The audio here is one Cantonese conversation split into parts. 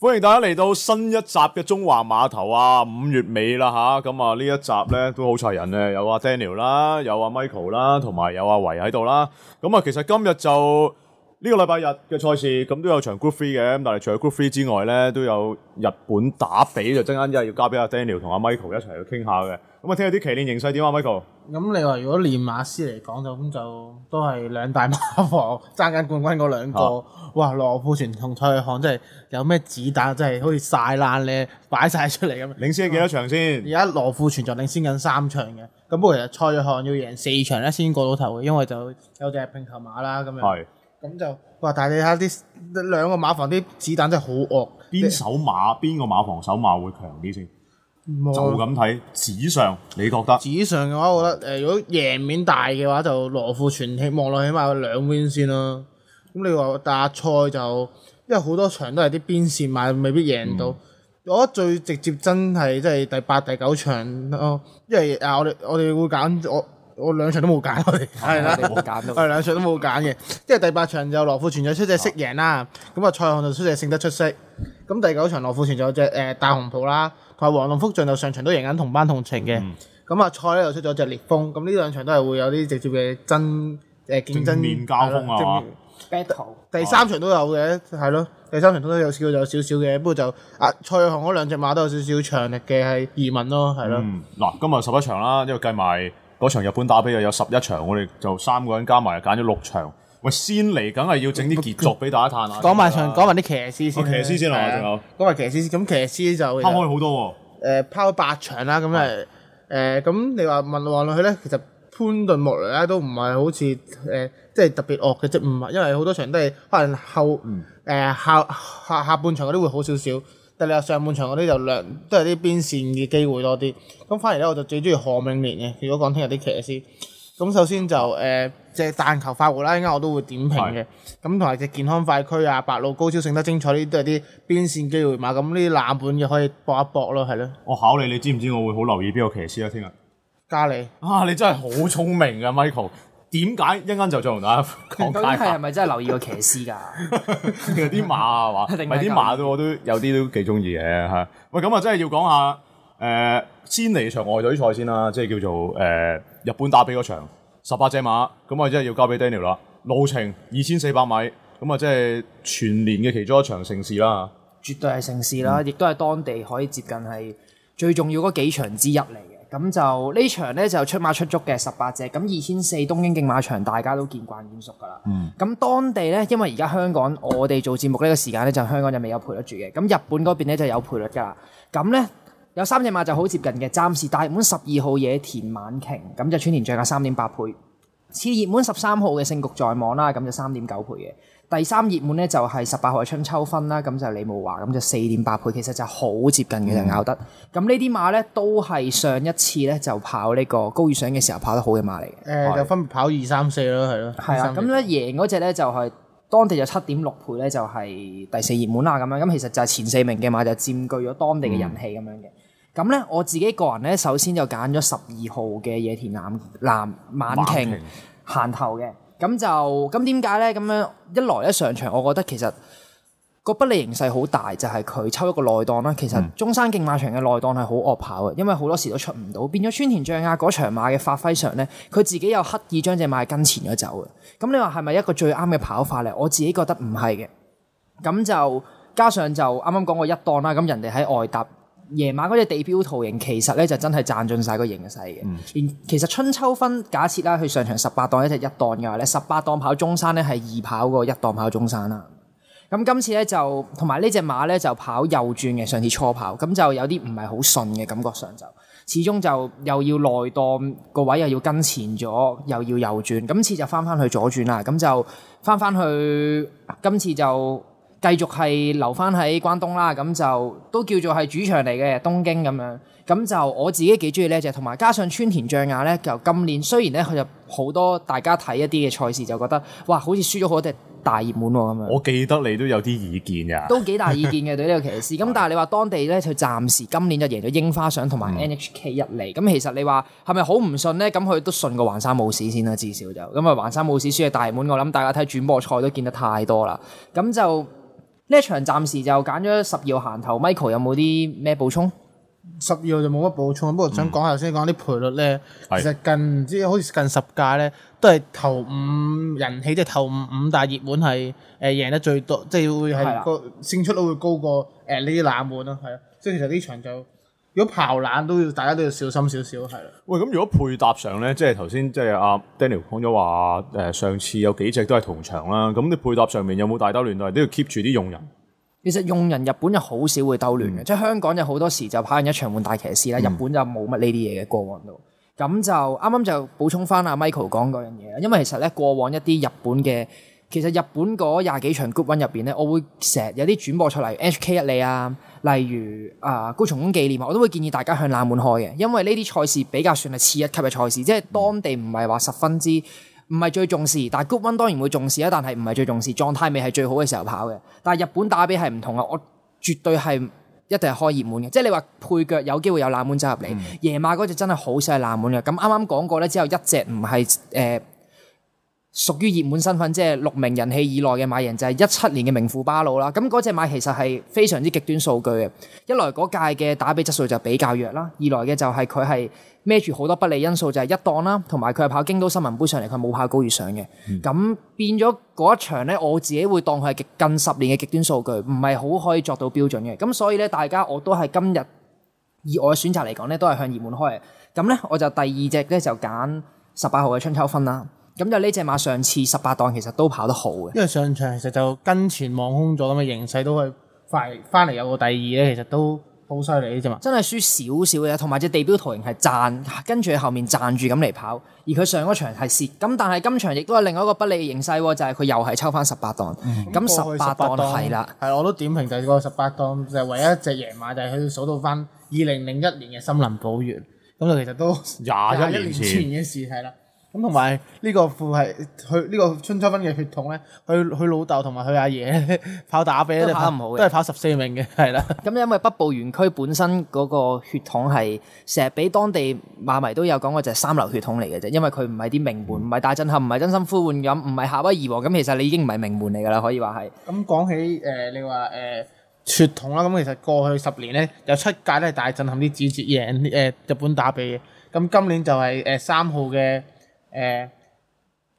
歡迎大家嚟到新一集嘅縱橫馬投啊，五月尾啦吓，咁啊呢一集咧都好齊人啊，Daniel，啊，Michael，有有啊，啊，有阿 Daniel 啦，有阿 Michael 啦，同埋有阿維喺度啦，咁啊其實今日就。呢個禮拜日嘅賽事咁都有場 group three 嘅，咁但係除咗 group three 之外咧，都有日本打吡，就陣間，一係要交俾阿 Daniel 同阿 Michael 一齊去傾下嘅。咁啊，聽下啲騎練形勢點啊，Michael、嗯。咁你話如果練馬師嚟講就咁就都係兩大馬房爭緊冠軍嗰兩個，啊、哇！羅富全同蔡約翰真係有咩子彈，真係好似晒爛咧，擺晒出嚟咁。領先幾多場先？而家羅富全就領先緊三場嘅，咁不過其實蔡約翰要贏四場咧先過到頭嘅，因為就有隻平頭馬啦，咁樣。咁就哇！但係你睇下啲兩個馬房啲子彈真係好惡。邊首馬邊你個馬房首馬會強啲先？有就咁睇紙上，你覺得？紙上嘅話，我覺得誒、呃，如果贏面大嘅話，就羅富全起望落起碼有兩 win 先啦。咁你話大賽就，因為好多場都係啲邊線馬，未必贏到。我覺得最直接真係即係第八、第九場咯、哦，因為啊，我哋我哋會揀我。我我我我兩場都冇揀佢，係啦、啊，冇揀都係兩場都冇揀嘅。即係第八場就羅富全出隻色、啊、就出隻識贏啦，咁啊蔡雄就出隻勝得出色。咁第九場羅富全就隻誒大紅袍啦，同埋黃龍福俊就上場都贏緊同班同情嘅。咁啊、嗯、蔡咧又出咗隻烈風，咁呢兩場都係會有啲直接嘅爭誒競爭正面交鋒啊 Battle、啊啊、第三場都有嘅，係咯，第三場都有少有少少嘅，不過就啊蔡雄嗰兩隻馬都有少少長力嘅疑問咯，係咯。嗱、嗯，今日十一場啦，因為計埋。嗰場日本打吡啊，有十一場，我哋就三個人加埋揀咗六場。喂，先嚟梗係要整啲傑作俾大家嘆下。講埋場，講埋啲騎師先。啊、有騎師先啦，講埋騎師先，咁騎師就拋開好多喎、哦呃。誒，拋八場啦，咁誒誒，咁你話問來問去咧，其實潘頓莫雷咧都唔係好似誒、呃，即係特別惡嘅啫，唔係，因為好多場都係可能後誒、嗯呃、下下下半場嗰啲會好少少。第但係上半場嗰啲就略，都係啲邊線嘅機會多啲，咁反而咧我就最中意何永年嘅。如果講聽日啲騎師，咁首先就誒即係彈球發活啦，一陣我都會點評嘅。咁同埋隻健康快區啊、白鹿高超、勝得精彩呢啲都係啲邊線機會嘛。咁呢啲冷盤嘅可以搏一搏咯，係咯。我考你，你知唔知我會好留意邊個騎師啊？聽日加你，啊，你真係好聰明啊，Michael！點解一陣間就再同大家講？咁你係咪真係留意個騎師噶？ 有啲馬啊，話咪啲馬都我都有啲都幾中意嘅吓。喂，咁啊，真係要講下誒，先嚟場外隊賽先啦，即係叫做誒、呃，日本打比嗰場十八隻馬，咁啊，真係要交俾 Daniel 啦。路程二千四百米，咁啊，即係全年嘅其中一場盛事啦。絕對係盛事啦，亦都係當地可以接近係最重要嗰幾場之一嚟嘅。咁就呢場咧就出馬出足嘅十八隻，咁二千四東京競馬場大家都見慣見熟㗎啦。咁、嗯、當地咧，因為而家香港我哋做節目呢個時間咧，就香港就未有賠率住嘅。咁日本嗰邊咧就有賠率㗎喇。咁咧有三隻馬就好接近嘅，暫時大滿十二號野田晚瓊，咁就川田將雅三點八倍。次熱門十三號嘅勝局在望啦，咁就三點九倍嘅。第三熱門咧就係十八號嘅春秋分啦，咁就李慕華，咁就四點八倍。其實就好接近嘅，就咬得。咁呢啲馬咧都係上一次咧就跑呢個皐月賞嘅時候跑得好嘅馬嚟嘅。誒、嗯，是就分別跑二三四咯，係咯。係啦的，咁咧贏嗰隻咧就係、是、當地就七點六倍咧，就係第四熱門啦。咁樣咁其實就係前四名嘅馬就佔據咗當地嘅人氣咁樣嘅。嗯咁咧，我自己個人咧，首先就揀咗十二號嘅野田南南晚晴行停頭嘅。咁就咁點解咧？咁樣一來咧，上場我覺得其實個不利形勢好大，就係、是、佢抽一個內檔啦。其實中山競馬場嘅內檔係好惡跑嘅，因為好多時都出唔到，變咗川田將雅嗰場馬嘅發揮上咧，佢自己又刻意將隻馬跟前咗走嘅。咁你話係咪一個最啱嘅跑法咧？我自己覺得唔係嘅。咁就加上就啱啱講過一檔啦。咁人哋喺外搭。夜晚嗰隻地標圖形其實咧就真係賺盡晒個形勢嘅，而其實春秋分假設啦，佢上場十八檔一隻一檔嘅話咧，十八檔跑中山咧係二跑過一檔跑中山啦。咁今次咧就同埋呢隻馬咧就跑右轉嘅，上次初跑咁就有啲唔係好順嘅感覺上就，始終就又要內檔個位又要跟前咗，又要右轉，今次就翻翻去左轉啦，咁就翻翻去今次就。繼續係留翻喺關東啦，咁就都叫做係主場嚟嘅東京咁樣，咁就我自己幾中意呢隻，同埋加上川田將雅呢。就今年雖然呢，佢就好多大家睇一啲嘅賽事就覺得哇，好似輸咗好多隻大熱門咁啊！我記得你都有啲意見㗎，都幾大意見嘅對呢個騎士。咁 但係你話當地呢，佢暫時今年就贏咗櫻花賞同埋 NHK 一哩。咁、嗯、其實你話係咪好唔信呢？咁佢都信過橫山武士先啦，至少就咁啊橫山武士輸嘅大熱門，我諗大家睇轉播賽都見得太多啦。咁就。呢場暫時就揀咗十二號行頭，Michael 有冇啲咩補充？十二號就冇乜補充，不過想講下先，講啲賠率咧，其實近即係好似近十屆咧，都係頭五人氣，即係頭五五大熱門係誒贏得最多，即係會係個勝出率會高過誒呢啲冷門咯，係啊，即係其實呢場就。如果炮冷都要，大家都要小心少少，係咯。喂，咁如果配搭上咧，即係頭先，即係阿 Daniel 講咗話，誒、呃，上次有幾隻都係同場啦。咁你配搭上面有冇大兜亂啊？都要 keep 住啲用人。其實用人日本就好少會兜亂嘅，嗯、即係香港有好多時就跑完一場換大騎士啦。日本就冇乜呢啲嘢嘅過往度。咁、嗯、就啱啱就補充翻阿、啊、Michael 講嗰樣嘢，因為其實咧過往一啲日本嘅。其實日本嗰廿幾場 Group One 入邊咧，我會成日有啲轉播出嚟，HK 一你啊，例如啊、呃、高松宮紀念啊，我都會建議大家向冷門開嘅，因為呢啲賽事比較算係次一級嘅賽事，即係當地唔係話十分之唔係最重視，但 Group One 當然會重視啦，但係唔係最重視，狀態未係最好嘅時候跑嘅。但係日本打比係唔同啊，我絕對係一定係開熱門嘅，即係你話配腳有機會有冷門走入嚟，夜晚嗰隻真係好少係冷門嘅。咁啱啱講過咧，只有一隻唔係誒。呃屬於熱門身份，即係六名人氣以內嘅馬人，就係一七年嘅名富巴魯啦。咁嗰隻馬其實係非常之極端數據嘅，一來嗰屆嘅打比質素就比較弱啦，二來嘅就係佢係孭住好多不利因素，就係、是、一檔啦，同埋佢係跑京都新聞杯上嚟，佢冇跑高月上嘅。咁、嗯、變咗嗰一場呢，我自己會當佢係近十年嘅極端數據，唔係好可以作到標準嘅。咁所以呢，大家我都係今日以我嘅選擇嚟講呢都係向熱門開嘅。咁呢，我就第二隻呢，就揀十八號嘅春秋分啦。咁就呢隻馬上次十八檔其實都跑得好嘅，因為上場其實就跟前望空咗咁嘅形勢，都係快翻嚟有個第二咧，其實都好犀利嘅啫嘛。真係輸少少嘅，同埋隻地標圖形係賺，啊、跟住後面賺住咁嚟跑，而佢上嗰場係蝕。咁但係今場亦都係另一個不利形勢，就係、是、佢又係抽翻十八檔。咁十八檔係啦，係了我都點評就係個十八檔就係、是、唯一隻贏馬，就係佢數到翻二零零一年嘅森林保園。咁就其實都廿一年前嘅事係啦。同埋呢個父係佢呢個春秋分嘅血統咧，佢佢老豆同埋佢阿爺跑打比都跑唔好嘅，都係跑十四名嘅，係啦。咁因為北部園區本身嗰個血統係成日俾當地馬迷都有講過，就係三流血統嚟嘅啫。因為佢唔係啲名門，唔係大震撼，唔係真心呼喚咁，唔係夏威夷喎。咁其實你已經唔係名門嚟噶啦，可以話係。咁、嗯、講起誒、呃，你話誒、呃、血統啦，咁其實過去十年咧有七屆都係大震撼啲子節贏誒、呃、日本打比嘅。咁今年就係誒三號嘅。誒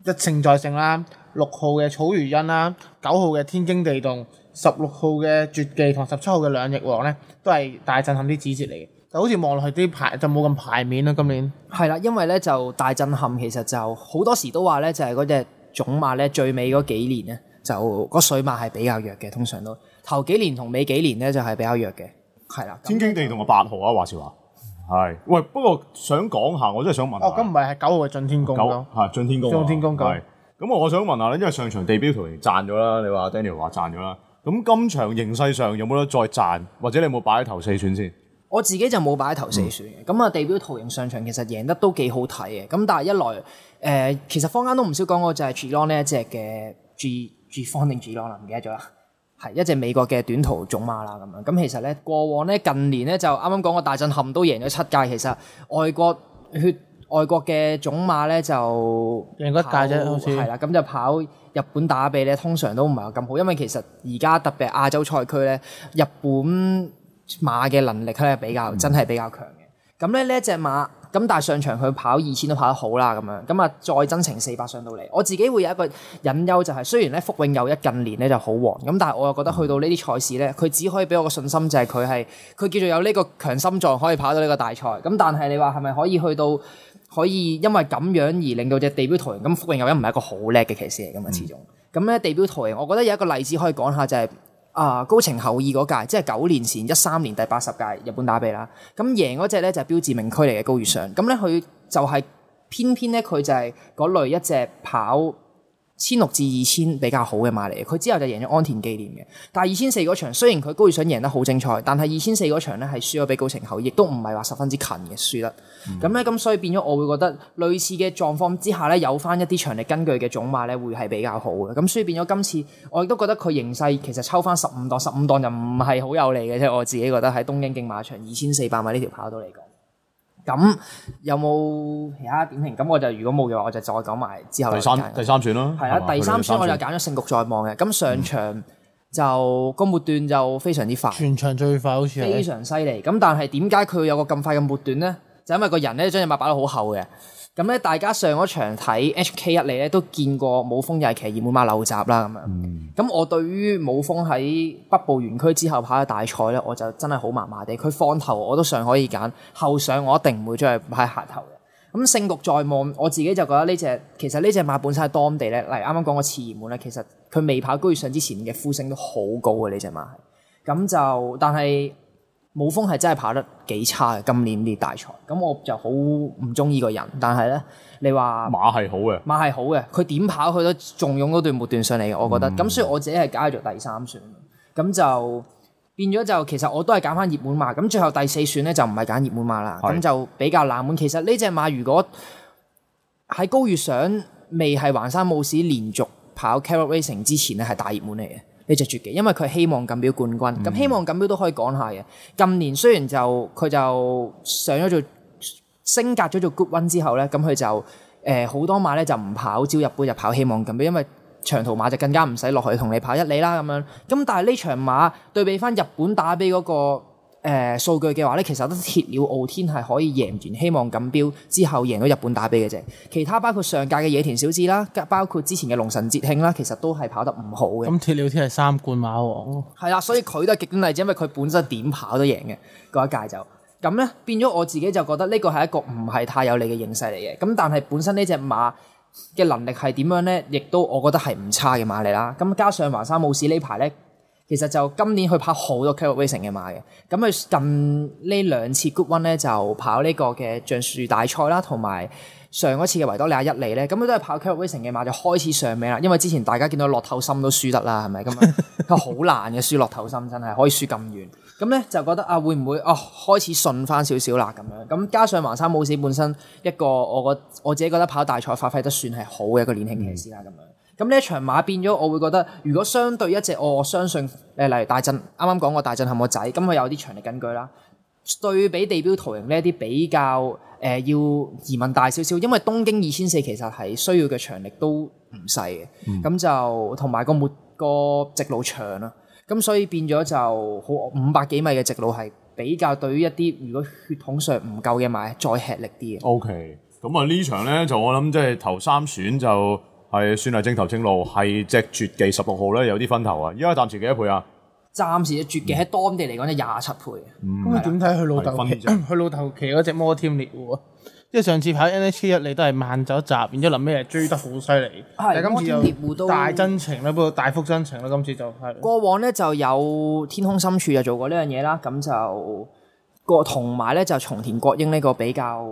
一勝再勝啦，六、呃、號嘅草如茵啦，九號嘅天經地動，十六號嘅絕技同十七號嘅兩翼王咧，都係大震撼啲指節嚟嘅。就好似望落去啲牌，就冇咁排面啦、啊，今年。係啦，因為咧就大震撼，其實就好多時都話咧，就係嗰隻種馬咧最尾嗰幾年咧，就個水馬係比較弱嘅，通常都頭幾年同尾幾年咧就係、是、比較弱嘅。係啊，天經地動嘅八號啊，話時話。係，喂，不過想講下，我真係想問，哦，咁唔係係九號嘅進天宮，九係進天宮，進天宮咁，咁我想問下咧，因為上場地標圖形賺咗啦，你話 Daniel 話賺咗啦，咁今場形勢上有冇得再賺，或者你有冇擺喺頭四選先？我自己就冇擺喺頭四選嘅，咁啊、嗯、地標圖形上場其實贏得都幾好睇嘅，咁但係一來，誒、呃，其實坊間都唔少講過就係 G Long 呢一隻嘅 G G 方定 G Long 啦，唔記得咗啦。係一隻美國嘅短途種馬啦，咁樣，咁其實咧過往咧近年咧就啱啱講個大震撼都贏咗七屆，其實外國血外國嘅種馬咧就贏得大隻好似係啦，咁就跑日本打吡咧通常都唔係咁好，因為其實而家特別亞洲賽區咧日本馬嘅能力咧比較真係比較強嘅，咁咧、嗯、呢一隻馬。咁但係上場佢跑二千都跑得好啦，咁樣咁啊再增程四百上到嚟，我自己會有一個隱憂就係、是、雖然咧福永祐一近年咧就好旺，咁但係我又覺得去到呢啲賽事咧，佢只可以俾我個信心就係佢係佢叫做有呢個強心臟可以跑到呢個大賽，咁但係你話係咪可以去到可以因為咁樣而令到隻地表圖形，咁福永祐一唔係一個好叻嘅騎師嚟噶嘛始終。咁咧、嗯、地表圖形我覺得有一個例子可以講下就係、是。啊，uh, 高情厚意嗰屆，即、就、係、是、九年前一三年第八十屆日本打吡啦，咁贏嗰隻咧就係標致名駒嚟嘅高月翔。咁咧佢就係偏偏咧佢就係嗰類一隻跑千六至二千比較好嘅馬嚟嘅，佢之後就贏咗安田紀念嘅。但係二千四嗰場，雖然佢高爾想贏得好精彩，但係二千四嗰場咧係輸咗俾高成厚，亦都唔係話十分之近嘅輸得。咁咧咁，所以變咗我會覺得類似嘅狀況之下咧，有翻一啲長力根據嘅種馬咧，會係比較好嘅。咁所以變咗今次，我亦都覺得佢形勢其實抽翻十五檔，十五檔就唔係好有利嘅。即係我自己覺得喺東京競馬場二千四百米呢條跑道嚟講。咁有冇其他點評？咁我就如果冇嘅話，我就再講埋之後第三第三選咯。係啊，第三吧，第三我選我就揀咗勝局在望嘅。咁上場就、嗯、個末段就非常之快，全場最快好似非常犀利。咁但係點解佢有個咁快嘅末段咧？就是、因為個人咧將隻馬擺得好後嘅。咁咧，大家上一場睇 HK 一嚟咧，都見過武豐又係騎二滿馬漏閘啦咁樣。咁、嗯、我對於武豐喺北部園區之後跑嘅大賽咧，我就真係好麻麻地。佢放頭我都尚可以揀，後上我一定唔會將佢派下頭嘅。咁勝局在望，我自己就覺得呢隻其實呢隻馬本身係當地咧。嚟啱啱講個次熱門咧，其實佢未跑皋月賞之前嘅呼聲都好高嘅呢隻馬。咁就但係。武豐係真係跑得幾差嘅，今年啲大賽，咁我就好唔中意個人。但係呢，你話馬係好嘅，馬係好嘅，佢點跑去都仲用嗰段末段上嚟嘅，我覺得。咁所以我自己係揀咗第三選，咁就變咗就其實我都係揀翻熱門馬。咁最後第四選呢，就唔係揀熱門馬啦，咁是的 就比較冷門。其實呢隻馬如果喺高月上未係橫山武史連續跑 Carrot Racing 之前咧，係大熱門嚟嘅。一隻絕技，因為佢係希望錦標冠軍，咁希望錦標都可以講下嘅。近年雖然就佢就上咗做升格咗做 G1 之後咧，咁佢就誒好、呃、多馬咧就唔跑朝日杯，就跑希望錦標，因為長途馬就更加唔使落去同你跑一里啦咁樣。咁但係呢場馬對比翻日本打吡嗰、那個。誒、呃、數據嘅話咧，其實都鐵了傲天係可以贏完希望錦標之後贏咗日本打比嘅啫。其他包括上屆嘅野田小子啦，包括之前嘅龍神節慶啦，其實都係跑得唔好嘅。咁鐵了天係三冠馬王，係啦、哦，所以佢都係極端例子，因為佢本身點跑都贏嘅嗰一屆就。咁咧變咗我自己就覺得呢個係一個唔係太有利嘅形勢嚟嘅。咁但係本身呢隻馬嘅能力係點樣咧？亦都我覺得係唔差嘅馬嚟啦。咁加上華山武士呢排咧。其實就今年去跑好多 Capo Racing 嘅馬嘅，咁佢近呢兩次 Good One 咧就跑呢個嘅橡樹大賽啦，同埋上一次嘅維多利亞一哩咧，咁佢都係跑 Capo Racing 嘅馬就開始上名啦，因為之前大家見到落頭心都輸得啦，係咪咁啊？佢好 難嘅，輸落頭心真係可以輸咁遠，咁咧就覺得啊會唔會啊、哦、開始順翻少少啦咁樣，咁加上橫山武士本身一個我個我自己覺得跑大賽發揮得算係好嘅一個年輕騎師啦咁樣。嗯。咁呢一場馬變咗，我會覺得如果相對一隻，我相信誒，例如大震，啱啱講過大震係我仔，咁佢有啲長力根據啦。對比地標圖形呢一啲比較誒、呃，要疑問大少少，因為東京二千四其實係需要嘅長力都唔細嘅，咁、嗯、就同埋、個末、個直路長啦。咁所以變咗就好五百幾米嘅直路係比較對於一啲如果血統上唔夠嘅馬再吃力啲嘅。OK，咁啊呢場咧就我諗即係頭三選就。係算係正頭青路。係隻絕技十六號咧有啲分頭啊！而家暫時幾多倍啊？暫時嘅絕技喺當地嚟講係廿七倍。咁、嗯、你點睇佢老豆？佢 老豆騎嗰隻摩天獵戶喎。即係 上次跑 N H C 一，你都係慢走一集，然之後臨尾追得好犀利。 但係今次又大真情啦，不過大幅真情啦。今次就係過往咧就有天空深處就做過呢樣嘢啦，咁就。個同埋咧就松田國英呢個比較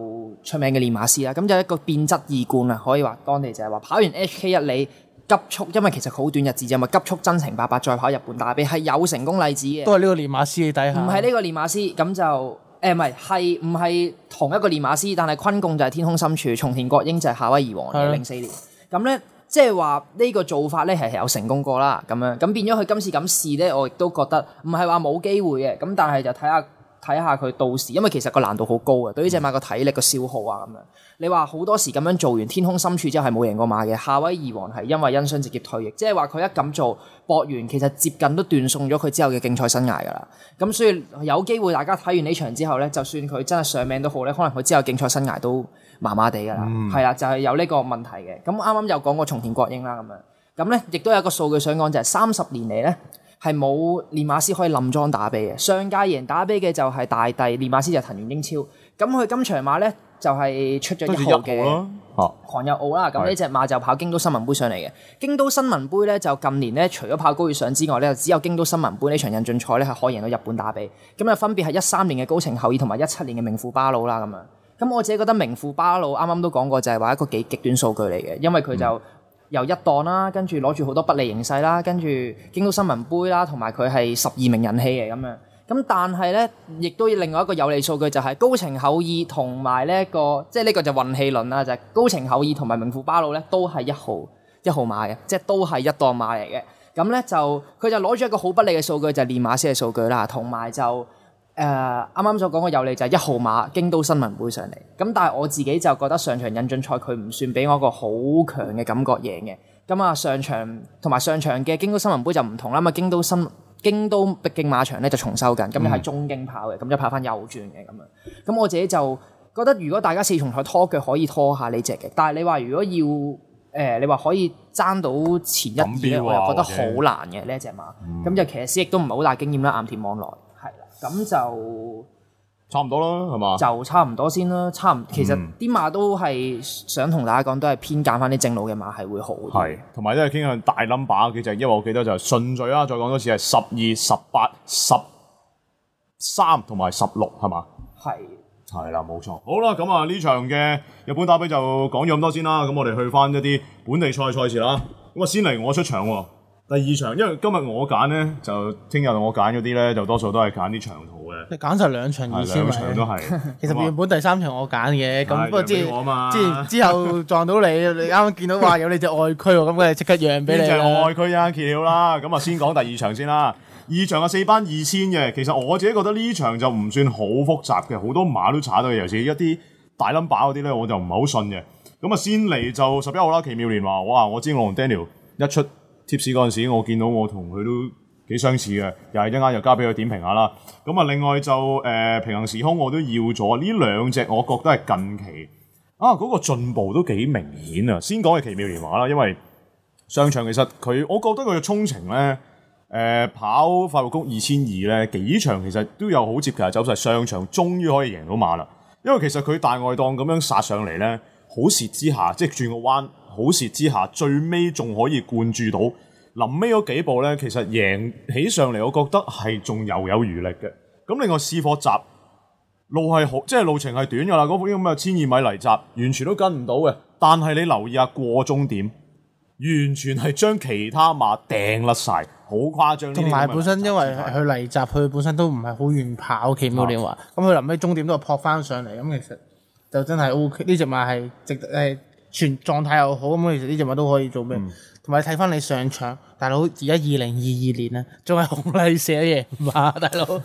出名嘅練馬師啦，咁就一個變質二冠啊，可以話當地就係話跑完 HK 一，你急速，因為其實好短日子因為急速真情八八再跑日本大杯係有成功例子嘅。都係呢個練馬師嘅底下。唔係呢個練馬師，咁就誒唔係係唔係同一個練馬師，但係昆共就係天空深處，松田國英就係夏威夷王嘅零四年。咁咧即係話呢、就是、個做法咧係有成功過啦，咁樣咁變咗佢今次咁試咧，我亦都覺得唔係話冇機會嘅，咁但係就睇下。睇下佢到時，因為其實個難度好高啊，對於隻馬個體力個消耗啊咁樣。你話好多時咁樣做完天空深處之後係冇贏過馬嘅，夏威夷王係因為因傷直接退役，即係話佢一咁做博完，其實接近都斷送咗佢之後嘅競賽生涯噶啦。咁所以有機會大家睇完呢場之後咧，就算佢真係上名都好咧，可能佢之後競賽生涯都麻麻地噶啦，係啦、嗯，就係、是、有呢個問題嘅。咁啱啱又講過松田國英啦咁樣，咁咧亦都有一個數據想講就係三十年嚟咧。係冇練馬師可以冧莊打吡嘅，上屆贏打吡嘅就係大帝，練馬師就藤原英超。咁佢今場馬咧就係、是、出咗一號嘅狂又傲啦。咁呢隻馬就跑京都新聞杯上嚟嘅。京都新聞杯咧就近年咧除咗跑高月賞之外咧，只有京都新聞杯呢場引進賽咧係可以贏到日本打吡。咁啊分別係一三年嘅高情厚義同埋一七年嘅名富巴魯啦咁樣。咁我自己覺得名富巴魯啱啱都講過就係話一個幾極端數據嚟嘅，因為佢就。嗯由一檔啦，跟住攞住好多不利形勢啦，跟住京都新聞杯啦，同埋佢係十二名人氣嘅咁樣。咁但係咧，亦都要另外一個有利數據就係高情厚意同埋呢一個，即係呢個就運氣輪啦，就係、是、高情厚意同埋名副巴魯咧，都係一號一號馬嘅，即係都係一檔馬嚟嘅。咁咧就佢就攞住一個好不利嘅數據，就係、是、練馬師嘅數據啦，同埋就。誒啱啱所講嘅有利就係一號馬京都新聞杯上嚟，咁但係我自己就覺得上場引進賽佢唔算俾我一個好強嘅感覺贏嘅。咁啊上場同埋上場嘅京都新聞杯就唔同啦，嘛，京都新京都競馬場咧就重修緊，咁又喺中京跑嘅，咁、嗯、就跑翻右轉嘅咁樣。咁我自己就覺得如果大家四重賽拖腳可以拖下呢隻嘅，但係你話如果要誒、呃、你話可以爭到前一頁咧，我又覺得好難嘅呢、嗯、一隻馬。咁、嗯、又騎師亦都唔係好大經驗啦，岩田望來。咁就差唔多啦，係嘛？就差唔多先啦，差唔多。其實啲馬都係想同大家講，都係偏揀翻啲正路嘅馬係會好啲。係，同埋都係傾向大 number 嗰幾隻，因為我記得就順序啦，再講多次係十二、十八是、十三同埋十六，係嘛？係。係啦，冇錯。好啦，咁啊呢場嘅日本打比就講咗咁多先啦，咁我哋去翻一啲本地賽賽事啦。咁啊，先嚟我出場喎。第二場，因為今日我揀咧，就聽日我揀嗰啲咧，就多數都係揀啲長途嘅。揀晒兩場啫，兩場都係。 其實原本第三場我揀嘅，咁麼對不過之我嘛之之後撞到你， 你啱啱見到話有你隻愛區喎，咁我哋即刻讓俾你外。隻愛區啊，橋啦，咁啊先講第二場先啦。 二場啊，四班二千嘅，其實我自己覺得呢場就唔算好複雜嘅，好多馬都踩到嘅，尤其一啲大 number 嗰啲咧，我就唔係好信嘅。咁啊先嚟就十一號啦，奇妙年華，哇！我知我同 Daniel 一出。貼市嗰時，我見到我同佢都幾相似嘅，又係一間又交俾佢點評下啦。咁啊，另外就誒、呃、平衡時空我都要咗呢兩隻，兩我覺得係近期啊嗰、那個進步都幾明顯啊。先講嘅奇妙年華啦，因為商場其實佢，我覺得佢嘅衝程咧誒、呃、跑發育宮二千二咧幾場，其實都有好接近走曬商場，終於可以贏到馬啦。因為其實佢大外檔咁樣殺上嚟咧，好事之下即係轉個彎。好事之下，最尾仲可以灌注到臨尾嗰幾步呢，其實贏起上嚟，我覺得係仲猶有餘力嘅。咁另外私夥集路係好，即係路程係短噶啦。嗰幅呢咁啊千二米泥集完全都跟唔到嘅。但係你留意下過終點，完全係將其他馬掟甩晒，好誇張。同埋本身因為佢泥集，佢本身都唔係好願跑，起碼點話，咁佢臨尾終點都係撲翻上嚟，咁其實就真係 OK。呢隻馬係值得全狀態又好，咁其實呢隻馬都可以做咩？同埋睇返你上場，大佬而家二零二二年啊，仲係紅泥寫夜馬，大佬仲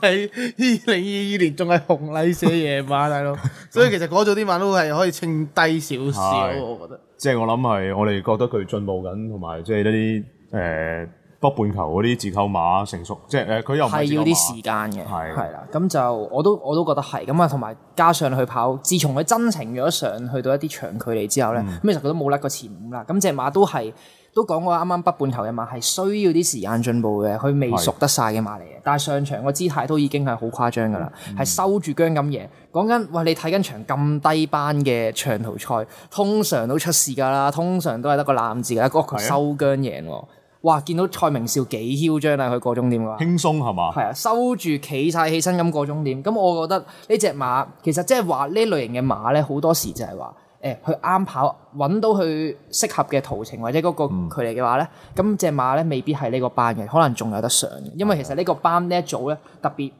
係二零二二年仲係紅泥寫夜馬，大佬， 所以其實嗰組啲馬都係可以稱低少少，是我覺得。即係我諗係我哋覺得佢進步緊，同埋即係呢啲誒。呃北半球嗰啲自購馬成熟，即係佢、呃、又係要啲時間嘅，係啦是的。咁就我都我都覺得係咁啊。同埋加上去跑，自從佢真情咗上去到一啲長距離之後呢，咁、嗯、其實佢都冇甩過前五啦。咁、那、隻、個、馬都係都講過啱啱北半球嘅馬係需要啲時間進步嘅，佢未熟得晒嘅馬嚟嘅。是的 但係上場個姿態都已經係好誇張㗎啦，係、嗯、收住韁咁贏。講緊喂，你睇緊場咁低班嘅長途賽，通常都出事㗎啦，通常都係得個攬字嘅一個收韁贏喎。哇！見到蔡明少幾囂張啊，佢過終點㗎，輕鬆係嘛？係啊，收住企晒起身咁過終點。咁我覺得呢隻馬其實即係話呢類型嘅馬咧，好多時就係話誒，佢、欸、啱跑揾到佢適合嘅途程或者嗰個距離嘅話咧，咁隻、嗯、馬咧未必係呢個班嘅，可能仲有得上嘅。因為其實呢個班呢一組咧特別。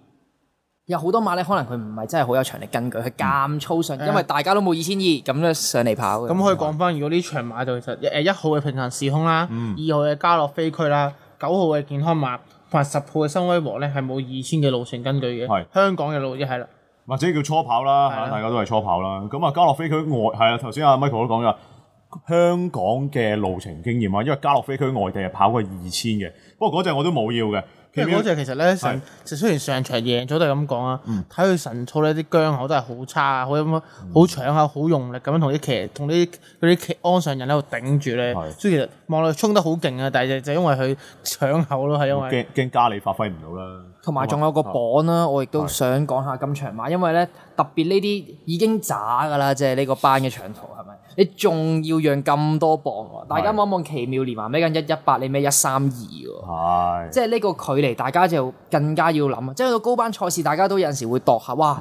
有好多馬咧，可能佢唔係真係好有長力根據，佢咁粗身，因為大家都冇二千二咁就上嚟跑嘅。咁可以講返，如果呢場馬就其實誒一號嘅平行時空啦，二號嘅加洛飛區啦，九號嘅健康馬同埋十號嘅新威和咧，係冇二千嘅路程根據嘅。是香港嘅路就係啦，或者叫初跑啦，是啊、大家都係初跑啦。咁啊，加洛飛區外係啊，頭先阿 Michael 都講咗香港嘅路程經驗啊，因為加洛飛區外地係跑過二千嘅，不過嗰隻我都冇要嘅。其實嗰隻其實咧，就的雖然上場贏咗，就是嗯、都係咁講啊。睇佢神操咧，啲繮口都係好差啊，好咁樣，好搶口，好用力咁樣同啲騎，同啲嗰啲安上人喺度頂住咧。的所以其實望落去衝得好勁啊，但係就就因為佢搶口咯，係因為驚驚加利發揮唔到啦。同埋仲有個榜啦，為我亦都想講下今場馬，因為咧特別呢啲已經渣噶啦，即係呢個班嘅長途係咪？你仲要讓咁多磅喎？大家望望奇妙連環，咩緊一一八，你咩一三二喎？係，即係呢個距離，大家就更加要諗。即係個高班賽事，大家都有陣時會度下，哇！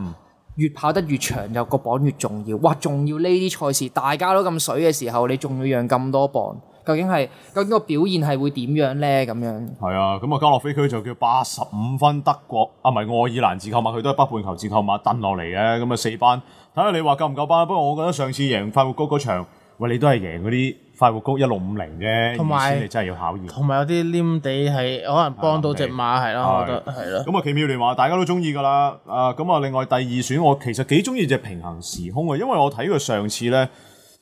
越跑得越長，就個榜越重要。哇！仲要呢啲賽事，大家都咁水嘅時候，你仲要讓咁多磅，究竟係究竟個表現係會點樣呢？咁樣。係啊，咁啊加洛飛區就叫八十五分德國啊，唔係愛爾蘭自購馬，佢都係北半球自購馬，登落嚟嘅。咁啊四班。睇下你話夠唔夠班，不過我覺得上次贏快活谷嗰場，喂你都係贏嗰啲快活谷一六五零啫，同埋有你真係要考驗。同埋有啲黏地係可能幫到隻馬係咯，我覺得係咯。咁啊奇妙聯話，大家都中意噶啦。啊咁啊另外第二選我其實幾中意隻平衡時空嘅，因為我睇佢上次咧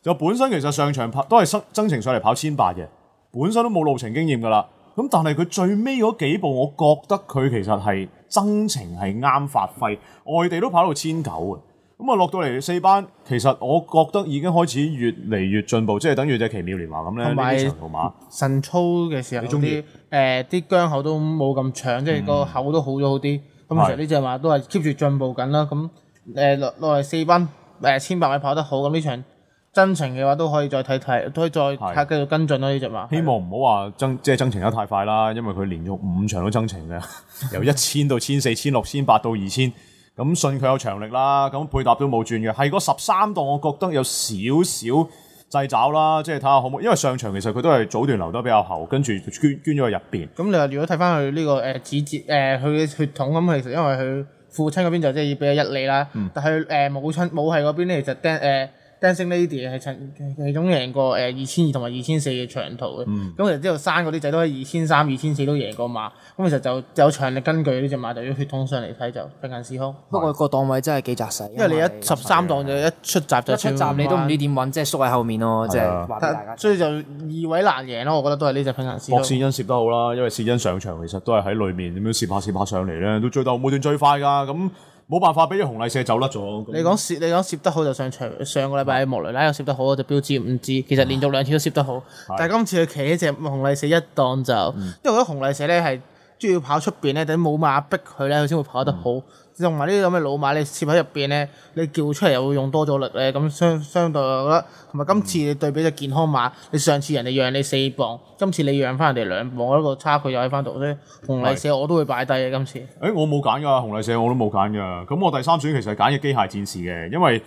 就本身其實上場跑都係增程上嚟跑千八嘅，本身都冇路程經驗噶啦，咁但係佢最尾嗰幾步，我覺得佢其實係增程，係啱發揮，外地都跑到千九啊。咁啊，落到嚟四班，其實我覺得已經開始越嚟越進步，即係等於隻奇妙年華咁咧。呢有場賽馬，晨操嘅時候有啲誒，啲、呃、姜口都冇咁長，嗯、即係個口都好咗好啲。咁其實呢隻馬都係 keep 住進步緊啦。咁誒落落嚟四班誒千八米跑得好，咁呢場增程嘅話都可以再睇睇，都是可以再繼續跟進咯呢隻馬。是希望唔好話增即係增程得太快啦，因為佢連續五場都增程嘅， 由一千到千四、千六、千八到二千。咁信佢有長力啦，咁配搭都冇轉嘅，係個十三度我覺得有少少掣爪啦，即係睇下可唔可以，因為上場其實佢都係早段留得比較後，跟住捐捐咗入邊。咁你話如果睇翻佢呢個誒指、呃、節誒佢嘅血統咁，其實因為佢父親嗰邊就即係比較一利啦，但係誒、呃、母親母系嗰邊咧，其實釘、呃呃 Dancing Lady 係曾係總贏過誒二千二同埋二千四嘅長途嘅，咁、嗯、其實之後生嗰啲仔都係二千三、二千四都贏過馬，咁其實就有長力根據呢隻馬，就要血統上嚟睇就平行時空。不過個檔位真係幾紮實。因為你一十三檔就一出閘，一出閘你都唔知點揾，即係縮喺後面咯，即係。所以就二位難贏咯，我覺得都係呢隻平行時空。博視恩攝得好啦，因為視因上場其實都係喺裏面點樣攝下攝下上嚟咧，都追到每段最快㗎咁。冇辦法俾啲紅麗社走甩咗。你講攝，你講攝得好就上場。上個禮拜喺莫雷拉又攝得好，就標誌五支。其實連續兩次都攝得好，啊、但係今次佢企一隻紅麗社一檔就，嗯、因為我覺得紅麗社咧係中意跑出邊咧，等冇馬逼佢咧，佢先會跑得好。嗯。同埋呢啲咁嘅老馬，你設喺入邊咧，你叫出嚟又會用多咗力咧，咁相相對我覺得同埋今次你對比隻健康馬，你上次人哋讓你四磅，今次你讓翻人哋兩磅，我一個差距又喺翻度咧。紅麗社我都會擺低嘅今次。誒、欸，我冇揀㗎，紅麗社我都冇揀㗎。咁我第三選其實係揀嘅機械戰士嘅，因為。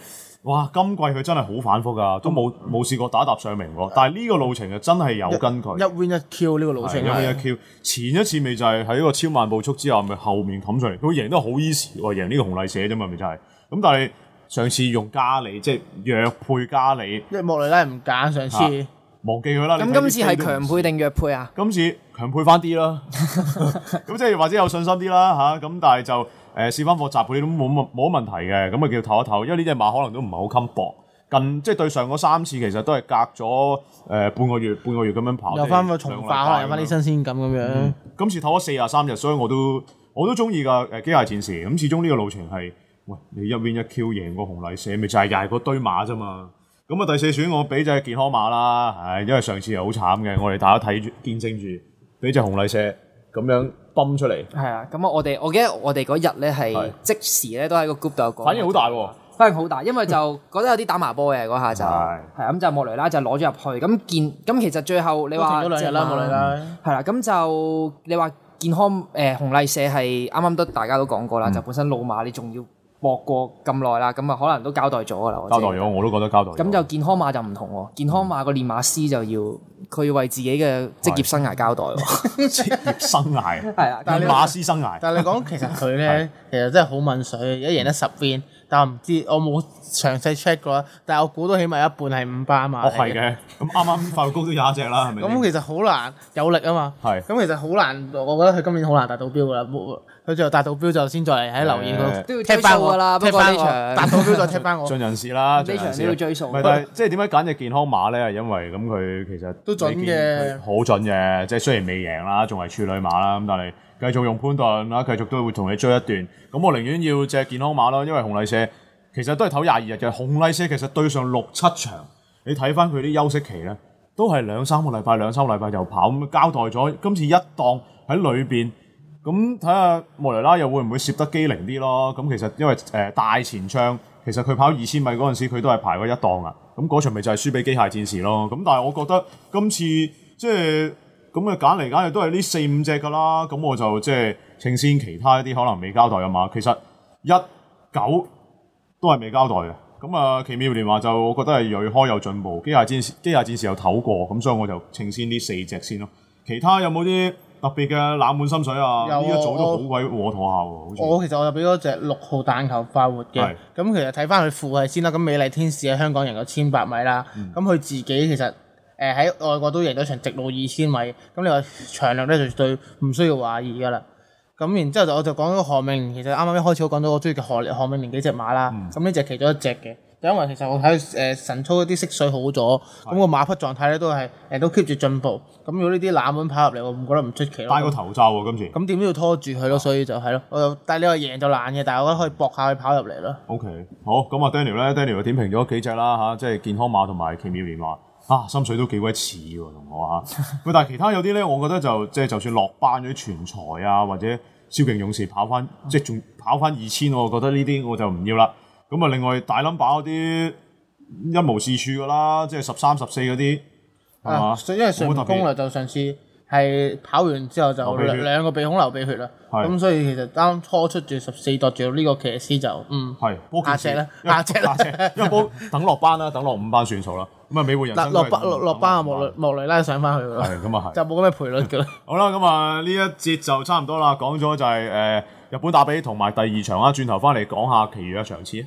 哇！今季佢真係好反覆㗎、啊，都冇冇試過打一踏上名喎。嗯、但係呢個路程就真係有跟佢一,一 win 一 q 呢個路程一 win 一 q 的前一次咪就係喺呢個超慢步速之後，咪後面冚上嚟，佢贏得好 easy、嗯、贏呢個紅利社啫嘛，咪就係。咁但係上次用加里即係弱配加、嗯、里，因為莫雷拉唔揀上次。啊忘記佢啦。咁今次係強配定弱配啊？今次強配翻啲啦，咁即係或者有信心啲啦嚇。咁但係就誒試翻複雜配，都冇冇乜問題嘅。咁啊叫唞一唞，因為呢隻馬可能都唔係好襟搏。近即係對上嗰三次其實都係隔咗誒半個月半個月咁樣跑。又翻個重跑，有翻啲新鮮感咁樣。今次唞咗四十三日，所以我都我都中意㗎誒機械戰士。咁始終呢個路程係，喂你一邊一 Q 贏個紅利社咪就係踩嗰堆馬啫嘛。咁啊，第四選我俾隻健康馬啦，係因為上次係好慘嘅，我哋大家睇住見證住，俾隻紅麗蛇咁樣奔出嚟。係啊，咁我我哋我記得我哋嗰日咧係即時咧都喺個 group 度講，反應好大喎、啊，反應好大，因為就覺得有啲打麻波嘅嗰下就係，係咁的就莫雷拉就攞咗入去，咁健咁其實最後你話兩隻啦，莫雷拉係啦，咁就你話健康誒、呃、紅麗蛇係啱啱都大家都講過啦，嗯、就本身老馬你仲要。博過咁耐啦，咁啊可能都交代咗噶啦。交代咗，但我都覺得交代。咁就健康碼就唔同喎，嗯、健康碼個練馬師就要佢要為自己嘅職業生涯交代喎。職業生涯，係啊 了，但係你馬師生涯。但係你講其實佢咧，其實, 是的 其實真係好揾水，一贏得十邊 但唔知，我冇詳細 check 過。但係我估到起碼一半係五班嘛。係嘅。咁啱啱塊高都有一隻啦，係咪？咁其實好難有力啊嘛。係。咁其實好難，我覺得佢今年好難達到標㗎啦。佢最後達到標就先再嚟喺留言度，都要踢返我㗎啦，不過達到標再踢翻我。盡人事啦，呢場要追數。但係即係點解揀隻健康馬咧？係因為咁佢其實都準嘅，好準嘅。即係雖然未贏啦，仲係處女馬啦，咁但係。繼續用潘頓啊！繼續都會同你追一段。咁我寧願要隻健康馬咯，因為紅麗社其實都係唞廿二日嘅紅麗社。其實對上六七場，你睇翻佢啲休息期咧，都係兩三個禮拜、兩三個禮拜就跑咁交代咗。今次一檔喺裏邊，咁睇下莫雷拉又會唔會攝得機靈啲咯？咁其實因為誒、呃、大前仗，其實佢跑二千米嗰陣時，佢都係排過一檔啊。咁、那、嗰、個、場咪就係輸俾機械戰士咯。咁但係我覺得今次即係。咁嘅揀嚟揀去都係呢四五隻㗎啦，咁我就即係呈先其他一啲可能未交代嘅嘛？其實一九都係未交代嘅。咁啊，奇妙年華就我覺得係瑞開有進步，機械戰機械戰士又唞過，咁所以我就呈先呢四隻先咯。其他有冇啲特別嘅冷門心水啊？呢有一組都好鬼和妥下喎。我，好我其實我就俾咗隻六號但求快活嘅。咁是其實睇翻佢父系先啦。咁美麗天使喺香港人有千百米啦。咁佢、嗯、自己其實。誒喺外國都贏咗場直路二千米，咁你話場量咧就絕對唔需要懷疑噶啦。咁然之後就我就講咗何明，其實啱啱一開始我講到我中意嘅何何明連幾隻馬啦。咁呢、嗯、只其中一隻嘅，因為其實我睇誒神操啲色水好咗，咁個是馬匹狀態咧都係誒都 keep 住進步。咁如果呢啲冷門跑入嚟，我唔覺得唔出奇咯。戴個頭罩喎、啊，今次。咁點都要拖住佢咯，啊、所以就係咯。我就但係呢個贏就難嘅，但我覺得可以搏下佢跑入嚟咯。O、okay, K，好咁啊，Daniel 咧，Daniel 又點評咗幾隻啦嚇，即係健康馬同埋奇妙年華。啊，心水都幾鬼似喎，同我嚇。喂，但係其他有啲咧，我覺得就即係就算落班嗰啲全才啊，或者蕭勁勇士跑翻，即係仲跑翻二千，我覺得呢啲我就唔要啦。咁啊，另外大冧把嗰啲一無是處噶啦，即係十三十四嗰啲啊，吧因為上攻啦就上次。係跑完之後就兩兩個鼻孔流鼻血啦，咁是所以其實啱初出住十四度住到呢個騎師就嗯壓石咧壓石咧，因為冇等落班啦，等落五班算數啦，咁啊美匯人生落班落落，落班啊，莫雷莫雷拉啦，上翻去啦，就冇咁嘅賠率噶啦。好啦，咁啊呢一節就差唔多啦，講咗就係、是、誒、呃、日本打吡同埋第二場啦，轉頭翻嚟講下其餘嘅場次。